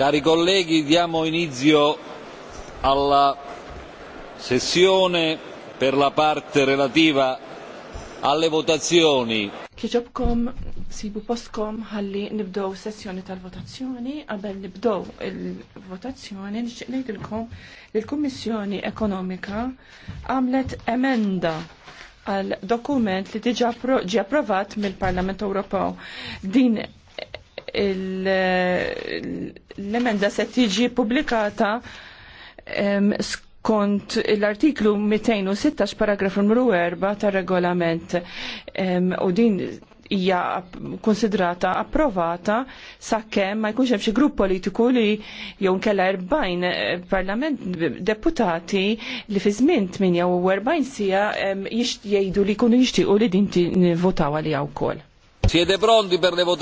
Cari colleghi, diamo inizio alla sessione per la parte relativa alle votazioni. Kieġobkom sibu postkom ħalli nibdow sessjoni tal-votazzjoni, qabel nibdow il-votazzjoni nixtieq ngħidilkom kom il-Kommissjoni Ekonomika għamlet emenda għal dokument li diġa ġi approvat mill-Parlament Ewropew. Din l-emenda se tiġi publikata skont l-artiklu 216 paragraf numru 4 tar regolament u din hija konsidrata approvata sakemm ma jkunx hemm xi grupp politiku li jew nkella 40 eh, parlament deputati li fi żmien 48 sija jgħidu li jkunu jixtiequ li din votaw għalija wkoll. pronti per le